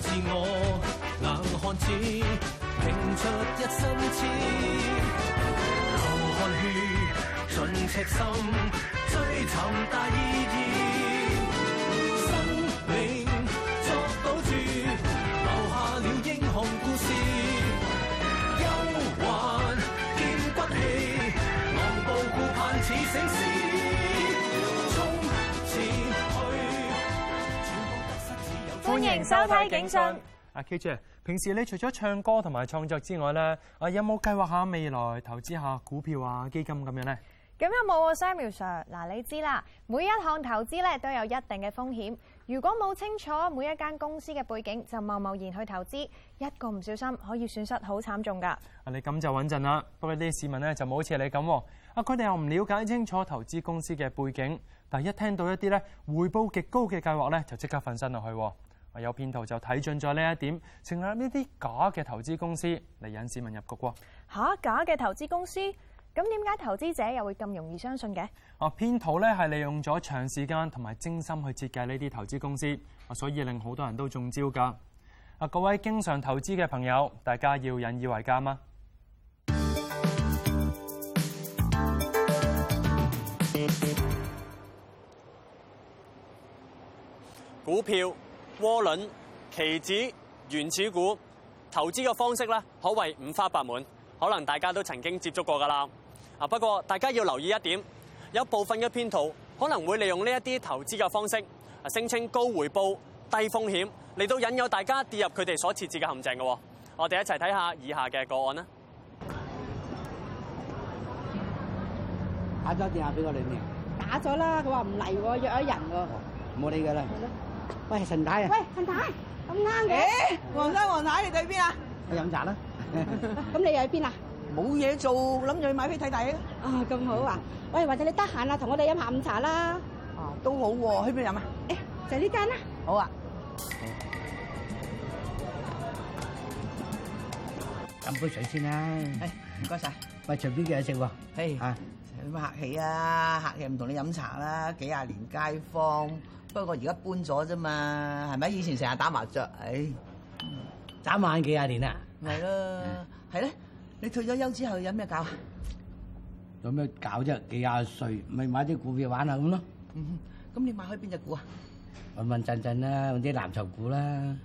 自我硬漢子，拼出一身刺，流汗血，盡赤心，追尋大意義。收睇《警訊》啊，k G, 平時你除咗唱歌同埋創作之外咧，啊有冇計劃下未來投資下股票有有啊、基金咁樣咧？咁有冇啊，Samuel Sir。嗱，你知啦，每一項投資咧都有一定嘅風險。如果冇清楚每一間公司嘅背景，就貿貿然去投資，一個唔小心可以損失好慘重噶。啊，你咁就穩陣啦。不過啲市民咧就冇好似你咁啊，佢哋又唔了解清楚投資公司嘅背景，但係一聽到一啲咧回報極高嘅計劃咧，就即刻瞓身落去。有騙徒就睇準咗呢一點，成立呢啲假嘅投資公司嚟引市民入局喎。嚇！假嘅投資公司，咁點解投資者又會咁容易相信嘅？啊！騙徒咧係利用咗長時間同埋精心去設計呢啲投資公司，所以令好多人都中招噶。啊！各位經常投資嘅朋友，大家要引以為家嘛。股票。渦輪、期指、原始股，投資嘅方式咧，可謂五花八門。可能大家都曾經接觸過噶啦。啊，不過大家要留意一點，有部分嘅騙徒可能會利用呢一啲投資嘅方式，啊，聲稱高回報、低風險，嚟到引誘大家跌入佢哋所設置嘅陷阱嘅。我哋一齊睇下以下嘅個案啦。打咗電話俾我哋未？打咗啦，佢話唔嚟喎，約咗人喎。冇理佢啦。喂，陳太啊！喂，陳太，咁啱嘅，黃生黃太你哋去邊啊？去飲茶啦！咁你又去邊啊？冇嘢做，諗住去買飛睇睇。啊，咁好啊！喂，或者你得閒啊，同我哋飲下午茶啦。啊，都好喎，去邊飲啊？誒，就呢間啦。好啊。飲杯水先啦。誒，唔該晒。喂，隨便叫嘢食喎。誒，啊，咁客氣啊，客氣唔同你飲茶啦，幾廿年街坊。不過而家搬咗啫嘛，係咪？以前成日打麻雀，唉、哎，眨眼幾廿年啦。咪咯了，係咧、嗯，你退咗休之後有咩搞啊？有咩搞啫？幾廿歲咪買啲股票玩下咁咯。咁、嗯、你買開邊隻股啊？穩穩陣陣啦，揾啲藍籌股啦。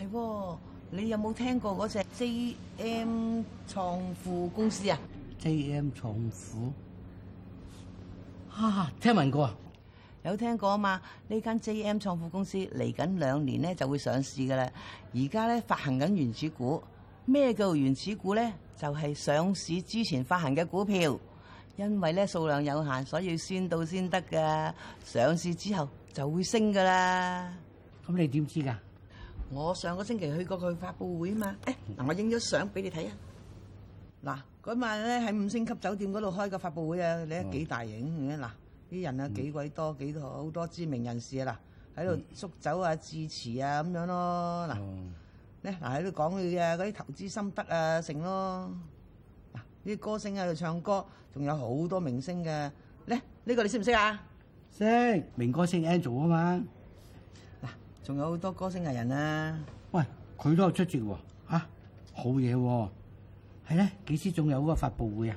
係喎，你有冇聽過嗰隻 J M 創富公司啊？J M 創富啊，聽聞過啊。有聽過啊嘛？呢間 J.M. 創富公司嚟緊兩年咧就會上市嘅啦。而家咧發行緊原始股，咩叫原始股咧？就係、是、上市之前發行嘅股票，因為咧數量有限，所以先到先得噶。上市之後就會升噶啦。咁你點知㗎？我上個星期去過佢發佈會啊嘛。誒，嗱，我影咗相俾你睇啊。嗱，嗰晚咧喺五星級酒店嗰度開個發佈會啊，你睇幾大型？嗱、嗯。啲人啊幾鬼多，幾多好多知名人士啊，嗱，喺度祝酒啊，致詞啊，咁樣咯嗱，咧嗱，喺度講佢嘅嗰啲投資心得啊成咯，嗱，呢啲歌星喺度唱歌，仲有好多明星嘅咧，呢個你識唔識啊？識，名歌星 Angel 啊嘛，嗱仲有好多歌星藝人啊，喂佢都係出席喎嚇？好嘢喎，係咧，幾時仲有嗰個發布會啊？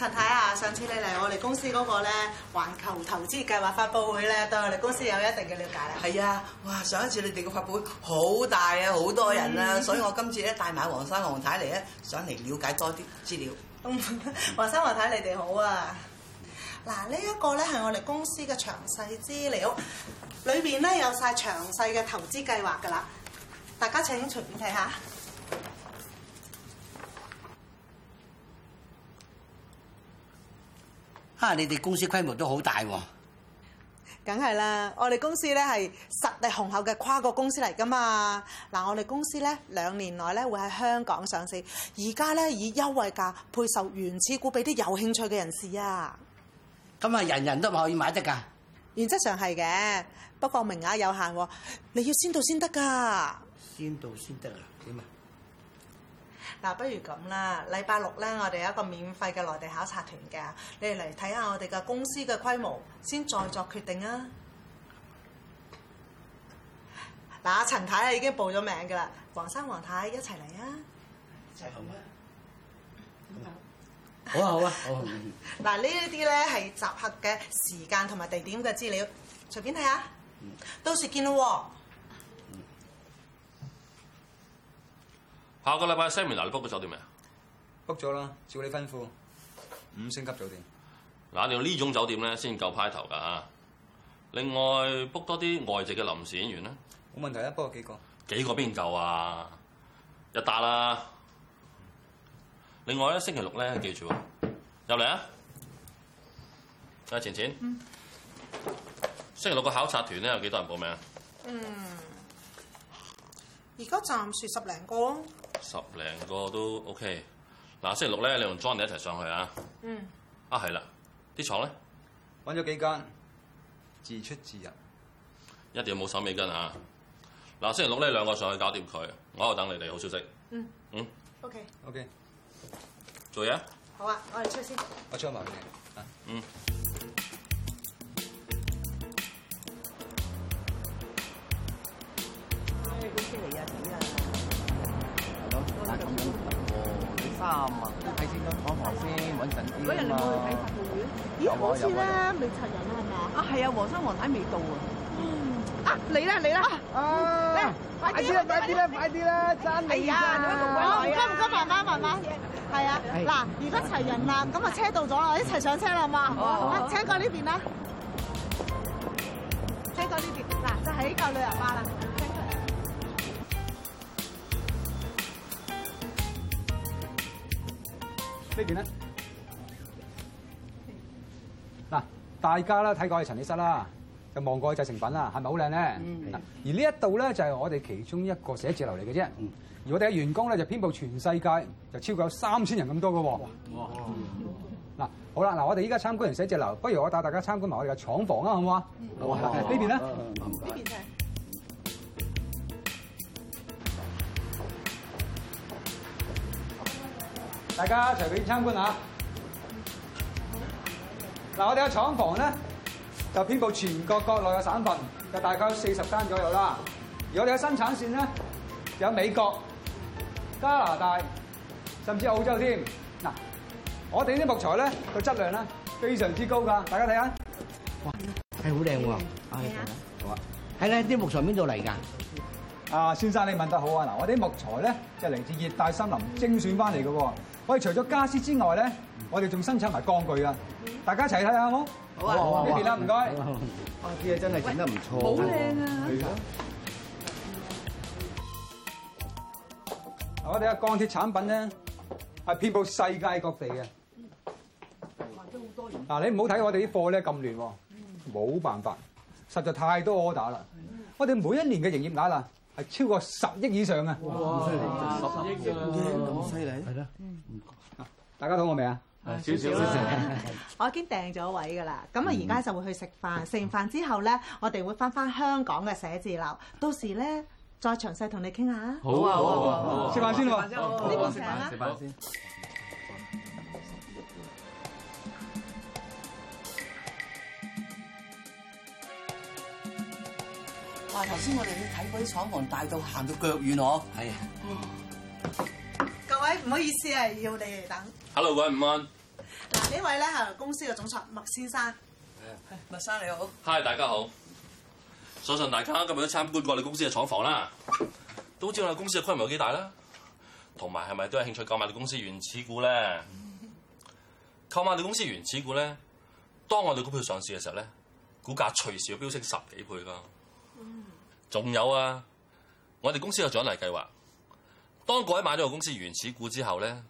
陳太啊，上次你嚟我哋公司嗰個咧，環球投資計劃發佈會咧，對我哋公司有一定嘅了解啦。係啊，哇！上一次你哋嘅發佈會好大啊，好多人啊，嗯、所以我今次咧帶埋黃生黃太嚟咧，想嚟了解多啲資料。黃生黃太，你哋好啊！嗱，呢一個咧係我哋公司嘅詳細資料，裏邊咧有晒詳細嘅投資計劃㗎啦。大家請隨便睇下。嚇！你哋公司規模都好大喎。啊，梗係啦。我哋公司咧係實力雄厚嘅跨國公司嚟㗎嘛。嗱，我哋公司咧兩年內咧會喺香港上市，而家咧以優惠價配售原始股俾啲有興趣嘅人士啊。咁啊，人人都唔可以買得㗎？原則上係嘅，不過名額有限，你要先到先得㗎。先到先得啊？點啊？嗱，不如咁啦，禮拜六咧，我哋有一個免費嘅內地考察團嘅，你哋嚟睇下我哋嘅公司嘅規模，先再作決定啊！嗱、嗯，陳太啊已經報咗名㗎喇，黃生黃太一齊嚟啊！一齊好嗎？好啊好啊好啊！嗱、啊，呢啲咧係集合嘅時間同埋地點嘅資料，隨便睇下，嗯、到時見咯喎。下個禮拜。Sammy 嗱，你 book 個酒店未啊？book 咗啦，照你吩咐，五星級酒店。嗱，用呢種酒店咧先夠派頭㗎嚇。另外 book 多啲外籍嘅臨時演員啦。冇問題啊，book 幾個？幾個邊夠啊？一打啦。另外咧，星期六咧，記住入嚟啊，阿錢錢。前前嗯。星期六個考察團咧，有幾多人報名？嗯，而家暫時十零個。十零個都 OK，嗱，星期六咧，你同 Johnny 一齊上去啊。嗯。啊，係啦，啲廠咧，搵咗幾間，自出自入，一定要冇手尾跟啊。嗱，星期六呢，兩個上去搞掂佢，我喺度等你哋好消息。嗯。嗯。OK OK，做嘢啊。好啊，我哋出去先。我出埋先。啊、嗯。啱啊，都睇先多房先，穩陣啲。嗰日你有冇去睇發佈會啊？咦，好似咧未齊人啦，係咪啊？啊，係啊，黃生黃太未到啊。啊，嚟啦嚟啦！啊，嚟！快啲啦快啲啦快啲啦！爭啲而家仲鬼耐，而家唔該慢慢慢慢。係啊，嗱，而家齊人啦，咁啊車到咗啊，一齊上車啦嘛。好，車過呢邊啦，車過呢邊。嗱，就喺呢個旅遊巴啦。這呢邊咧，嗱，大家咧睇過去陳列室啦，就望過去製成品啦，係咪好靚咧？嗯、而呢一度咧就係我哋其中一個寫字樓嚟嘅啫。而我哋嘅員工咧就遍佈全世界，就超過有三千人咁多嘅喎。嗱、嗯，好啦，嗱我哋依家參觀完寫字樓，不如我帶大家參觀埋我哋嘅廠房啊，好唔好啊？哇呢邊呢、嗯嗯嗯、呢邊咧？大家一齊去參觀下。嗱、嗯，我哋嘅廠房咧就遍布全國國內嘅省份，就大概有四十間左右啦。而我哋嘅生產線咧有美國、加拿大，甚至澳洲添。嗱，我哋啲木材咧個質量咧非常之高㗎，大家睇下。哇，係好靚喎。係、嗯、啊，好啊的。咧，啲木材邊度嚟㗎？啊，先生你問得好啊。嗱，我啲木材咧就嚟、係、自熱帶森林精選翻嚟㗎喎。我哋除咗傢俬之外咧，我哋仲生產埋鋼具啊！大家一齊睇下好唔好？好啊！呢邊啦！唔該，哇！啲嘢真係整得唔錯，好靚啊！係啊！我哋嘅鋼鐵產品咧係遍布世界各地嘅，賣咗好多年。嗱，你唔好睇我哋啲貨咧咁亂，冇辦法，實在太多 order 啦！我哋每一年嘅營業額啦，係超過十億以上啊，哇！十億咁犀利，係、嗯、大家肚餓未啊？少少，了少，少了、mm. 我已經訂咗位㗎啦，咁啊而家就會去食飯。食、mm. 完飯之後咧，我哋會翻翻香港嘅寫字樓。到時咧，再詳細同你傾下、啊。好啊好啊，食、啊啊、飯先啦、哦。呢邊請。食飯先。頭先我哋去睇嗰啲廠房大得得，大到行到腳軟嗬。係啊、嗯，各位唔好意思啊，要你哋等。Hello，各位午安。嗱，呢位咧係公司嘅總裁麥先生。誒 Yeah.，麥生你好。Hi，大家好。相信大家今日都參觀過我哋公司嘅廠房啦，都知道我哋公司嘅規模有幾大啦，同埋係咪都係興趣購買你公司原始股咧？購 買你的公司原始股咧，當我哋股票上市嘅時候咧，股價隨時要飆升十幾倍㗎。仲有啊！我哋公司有獎勵計劃，當各位買咗個公司原始股之後咧，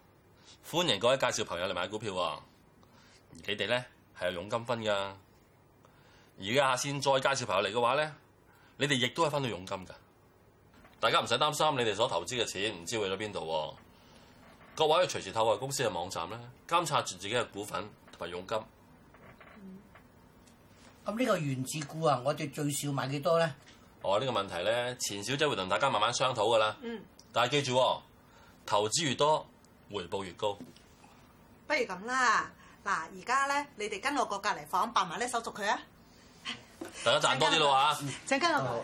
歡迎各位介紹朋友嚟買股票啊。你哋咧係有佣金分噶。而家下先再介紹朋友嚟嘅話咧，你哋亦都係分到佣金噶。大家唔使擔心，你哋所投資嘅錢唔知去咗邊度。各位可以隨時透過公司嘅網站咧，監察住自己嘅股份同埋佣金。咁呢、嗯、個原始股啊，我哋最少買幾多咧？哦，呢個問題咧，錢小姐會同大家慢慢商討噶啦。嗯，但係記住，投資越多，回報越高。不如咁 啦，嗱，而家咧，你哋跟我個隔離房辦埋呢手續佢啊。大家賺多啲啦，啊！請跟我。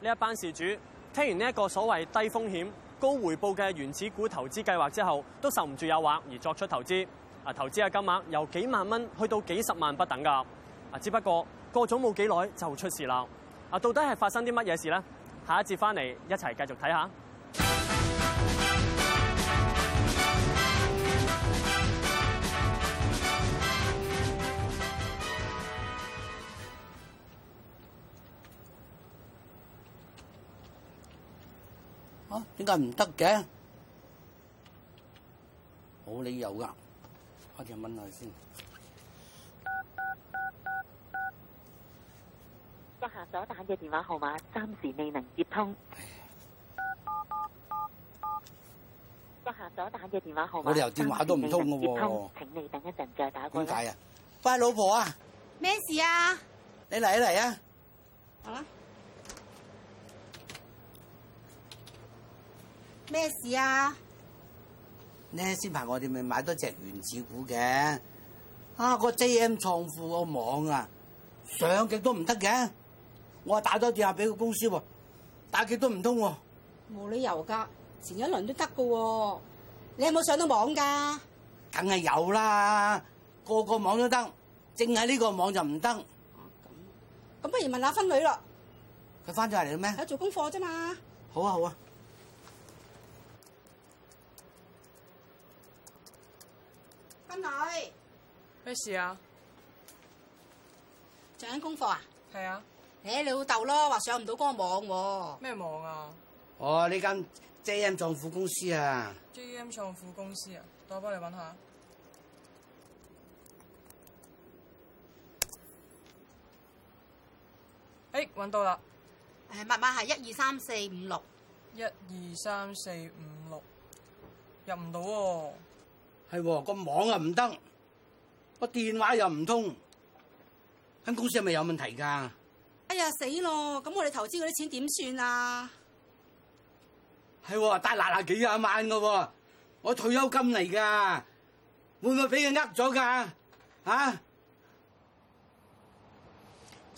呢一班事主聽完呢一個所謂低風險、高回報嘅原始股投資計劃之後，都受唔住誘惑而作出投資。啊！投資嘅金額由幾萬蚊去到幾十萬不等㗎。啊，只不過過咗冇幾耐就出事啦。啊，到底係發生啲乜嘢事呢？下一節翻嚟一齊繼續睇下。啊！點解唔得嘅？冇理由㗎。我問一下先，閣下所打嘅電話號碼暫時未能接通、啊。閣下所打嘅電話號碼暫時未能接通，請你等一陣再打過嚟。點解啊？拜老婆啊！咩、啊、事啊？你嚟一嚟啊！啊？咩事啊？呢先排我哋咪買多隻原始股嘅，啊個 JM 創富個網啊上極都唔得嘅，我打多電話俾個公司喎、啊，打極都唔通喎、啊，冇理由㗎，前一輪都得㗎喎，你有冇上到網㗎？梗係有啦，個個網都得，淨係呢個網就唔得。咁、啊、不如問下分女喇，佢翻咗嚟咩？佢做功課啫嘛好、啊。好啊好啊。翻咩事啊？做緊功課啊？係啊。誒、哎，你老豆咯，話上唔到個網喎。咩網啊？網啊哦，呢間 JM 創富公司啊。JM 創富公司啊，等我幫你搵下。誒、哎，搵到啦。誒、哎，密碼係一,一二三四五六。一二三四五六，入唔到喎。係個網啊，唔得個，電話又唔通，間公司係咪有問題噶？哎呀，死咯！咁我哋投資嗰啲錢點算啊？係大嗱嗱幾廿萬噶，我退休金嚟噶，會唔會俾人呃咗噶？吓、啊，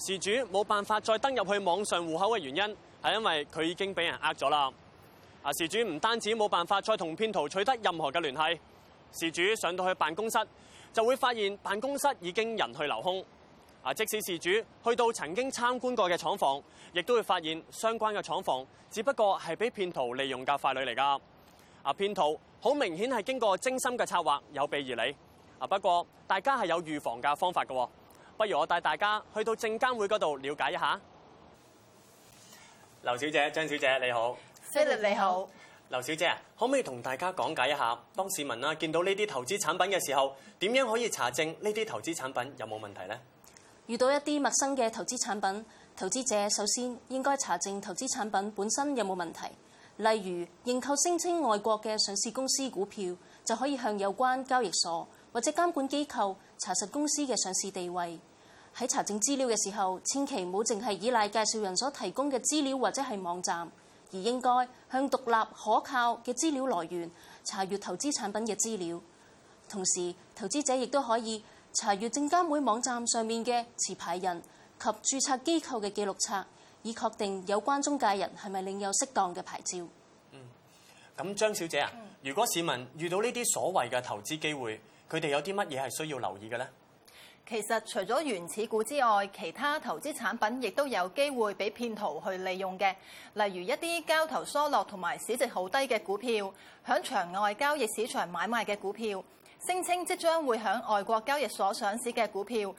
事主冇辦法再登入去網上戶口嘅原因係因為佢已經俾人呃咗啦。啊，事主唔單止冇辦法再同騙徒取得任何嘅聯繫。事主上到去辦公室，就會發現辦公室已經人去樓空。啊，即使事主去到曾經參觀過嘅廠房，亦都會發現相關嘅廠房，只不過係俾騙徒利用嘅傀儡嚟㗎。啊，騙徒好明顯係經過精心嘅策劃，有備而嚟。啊，不過大家係有預防嘅方法㗎喎。不如我帶大家去到證監會嗰度了解一下。劉小姐、張小姐，你好。菲力，你好。劉小姐啊，可唔可以同大家講解一下，當市民啦、啊、見到呢啲投資產品嘅時候，點樣可以查證呢啲投資產品有冇問題呢？遇到一啲陌生嘅投資產品，投資者首先應該查證投資產品本身有冇問題。例如認購聲稱外國嘅上市公司股票，就可以向有關交易所或者監管機構查實公司嘅上市地位。喺查證資料嘅時候，千祈唔好淨係依賴介紹人所提供嘅資料或者係網站。而應該向獨立可靠嘅資料來源查閲投資產品嘅資料，同時投資者亦都可以查閲證監會網站上面嘅持牌人及註冊機構嘅記錄冊，以確定有關中介人係咪另有適當嘅牌照。嗯，咁張小姐啊，嗯、如果市民遇到呢啲所謂嘅投資機會，佢哋有啲乜嘢係需要留意嘅呢？其實除咗原始股之外，其他投資產品亦都有機會俾騙徒去利用嘅，例如一啲交投疏落同埋市值好低嘅股票，響場外交易市場買賣嘅股票，聲稱即將會響外國交易所上市嘅股票，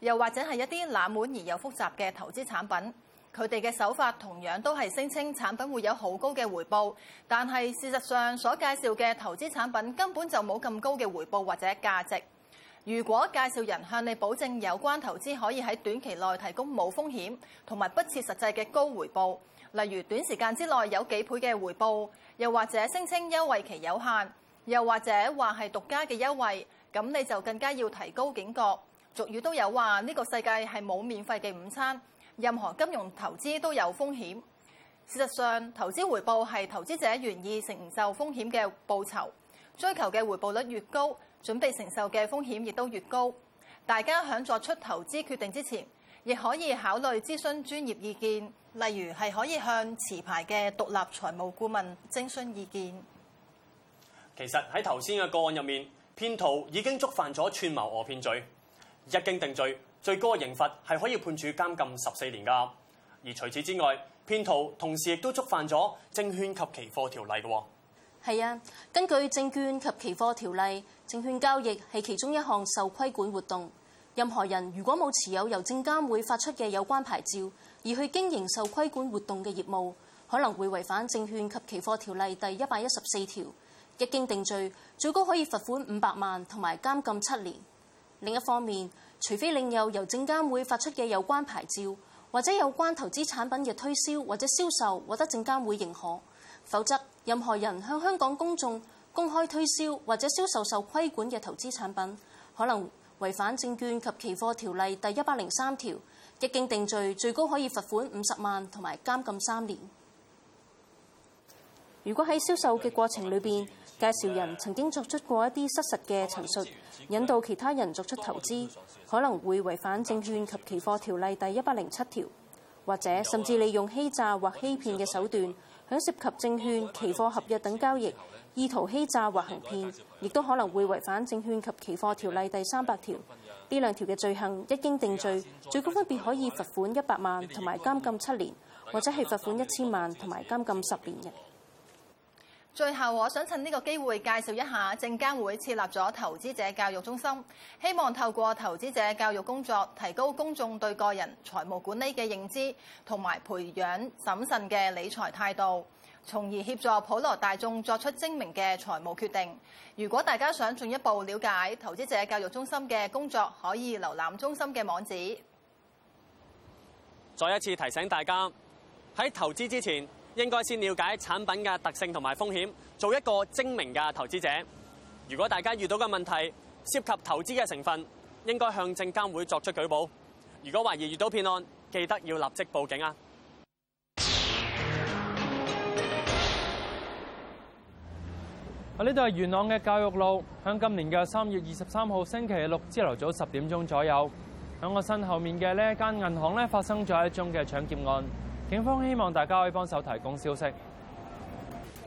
又或者係一啲冷門而又複雜嘅投資產品。佢哋嘅手法同樣都係聲稱產品會有好高嘅回報，但係事實上所介紹嘅投資產品根本就冇咁高嘅回報或者價值。如果介紹人向你保證有關投資可以喺短期內提供冇風險同埋不切實際嘅高回報，例如短時間之內有幾倍嘅回報，又或者聲稱優惠期有限，又或者話係獨家嘅優惠，咁你就更加要提高警覺。俗語都有話：呢個世界係冇免費嘅午餐，任何金融投資都有風險。事實上，投資回報係投資者願意承受風險嘅報酬，追求嘅回報率越高，準備承受嘅風險亦都越高，大家喺作出投資決定之前，亦可以考慮諮詢專業意見，例如係可以向持牌嘅獨立財務顧問徵詢意見。其實喺頭先嘅個案入面，騙徒已經觸犯咗串謀訛騙罪，一經定罪，最高嘅刑罰係可以判處監禁十四年㗎。而除此之外，騙徒同時亦都觸犯咗證券及期貨條例嘅。係啊，根據證券及期貨條例，證券交易係其中一項受規管活動。任何人如果冇持有由證監會發出嘅有關牌照而去經營受規管活動嘅業務，可能會違反證券及期貨條例第一百一十四條，一經定罪，最高可以罰款五百萬同埋監禁七年。另一方面，除非領有由證監會發出嘅有關牌照，或者有關投資產品嘅推銷或者銷售獲得證監會認可，否則，任何人向香港公眾公開推銷或者銷售受規管嘅投資產品，可能違反證券及期貨條例第一百零三條，一經定罪，最高可以罰款五十萬同埋監禁三年。如果喺銷售嘅過程裏邊，介紹人曾經作出過一啲失實嘅陳述，引導其他人作出投資，可能會違反證券及期貨條例第一百零七條，或者甚至利用欺詐或欺騙嘅手段。涉及證券、期貨合約等交易，意圖欺詐或行騙，亦都可能會違反證券及期貨條例第三百條。呢兩條嘅罪行，一經定罪，最高分別可以罰款一百萬同埋監禁七年，或者係罰款一千萬同埋監禁十年嘅。最後，我想趁呢個機會介紹一下證監會設立咗投資者教育中心，希望透過投資者教育工作，提高公眾對個人財務管理嘅認知，同埋培養審慎嘅理財態度，從而協助普羅大眾作出精明嘅財務決定。如果大家想進一步了解投資者教育中心嘅工作，可以瀏覽中心嘅網址。再一次提醒大家，喺投資之前，應該先了解產品嘅特性同埋風險，做一個精明嘅投資者。如果大家遇到嘅問題涉及投資嘅成分，應該向證監會作出舉報。如果懷疑遇到騙案，記得要立即報警啊！呢度係元朗嘅教育路，響今年嘅三月二十三號星期六朝頭早十點鐘左右，響我身後面嘅呢間銀行咧，發生咗一宗嘅搶劫案。警方希望大家可以幫手提供消息。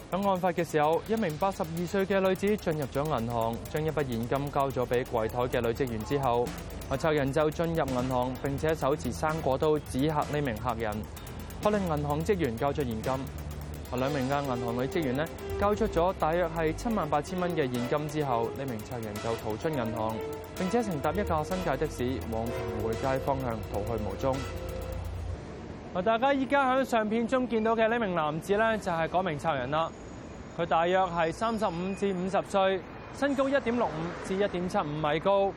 咁案發嘅時候，一名八十二歲嘅女子進入咗銀行，將一筆現金交咗俾櫃台嘅女職員之後，啊，賊人就進入銀行並且手持生果刀指嚇呢名客人，可令銀行職員交出現金。啊，兩名嘅銀行女職員交出咗大約係七萬八千蚊嘅現金之後，呢名賊人就逃出銀行，並且乘搭一架新界的士往平匯街方向逃去無蹤。大家依家喺相片中見到嘅呢名男子咧，就係嗰名賊人啦。佢大約係三十五至五十歲，身高一點六五至一點七五米高，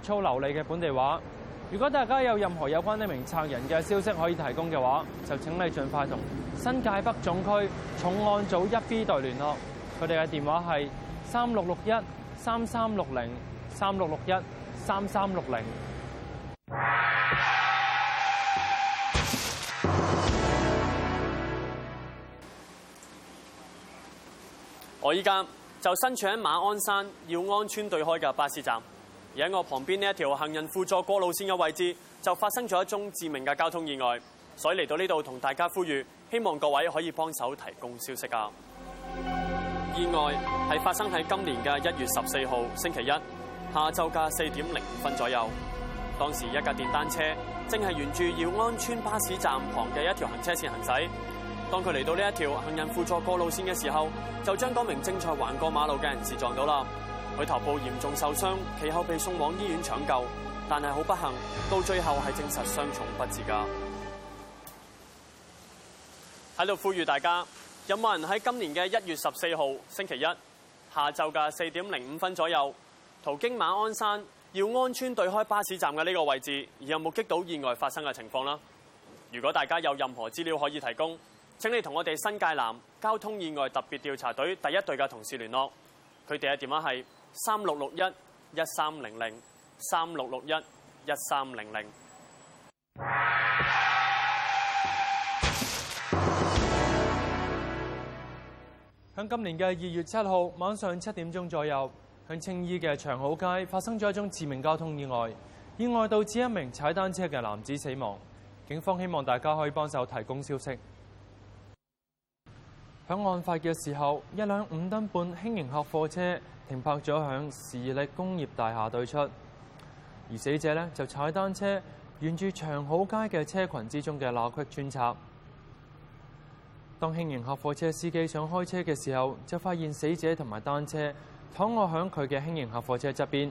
粗流利嘅本地話。如果大家有任何有關呢名賊人嘅消息可以提供嘅話，就請你盡快同新界北總區重案組一 B 隊聯絡。佢哋嘅電話係三六六一三三六零三六六一三三六零。我依家就身處喺馬鞍山耀安村對開嘅巴士站，而喺我旁邊呢一條行人輔助過路線嘅位置，就發生咗一宗致命嘅交通意外。所以嚟到呢度同大家呼籲，希望各位可以幫手提供消息㗎。意外係發生喺今年嘅一月十四號星期一下晝嘅四點零五分左右，當時一架電單車正係沿住耀安村巴士站旁嘅一條行車線行駛。當佢嚟到呢一條行人輔助過路線嘅時候，就將嗰名正在橫過馬路嘅人士撞到啦。佢頭部嚴重受傷，其後被送往醫院搶救，但係好不幸，到最後係證實傷重不治噶。喺度、嗯、呼籲大家，有冇人喺今年嘅一月十四號星期一下晝嘅四點零五分左右，途經馬鞍山耀安村對開巴士站嘅呢個位置，而有目擊到意外發生嘅情況啦？如果大家有任何資料可以提供，請你同我哋新界南交通意外特別調查隊第一隊嘅同事聯絡，佢哋嘅電話係三六六一一三零零三六六一一三零零。喺今年嘅二月七號晚上七點鐘左右，喺青衣嘅長好街發生咗一宗致命交通意外，意外導致一名踩單車嘅男子死亡。警方希望大家可以幫手提供消息。響案發嘅時候，一輛五噸半輕型客貨車停泊咗喺時力工業大廈對出，而死者呢，就踩單車沿住長好街嘅車群之中嘅罅隙穿插。當輕型客貨車司機想開車嘅時候，就發現死者同埋單車躺臥喺佢嘅輕型客貨車側邊。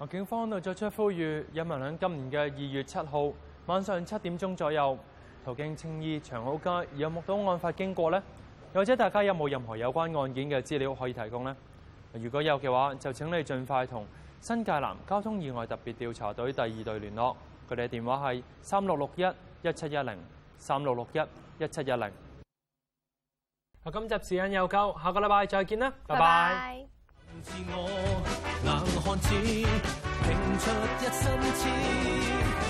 而 警方度作出呼籲，有民響今年嘅二月七號，晚上七點鐘左右，途經青衣長好街，有目到案發經過呢？又或者大家有冇任何有關案件嘅資料可以提供呢？如果有嘅話，就請你盡快同新界南交通意外特別調查隊第二隊聯絡，佢哋嘅電話係三六六一一七一零三六六一一七一零。啊，今集時間又夠，下個禮拜再見啦，bye bye 拜拜。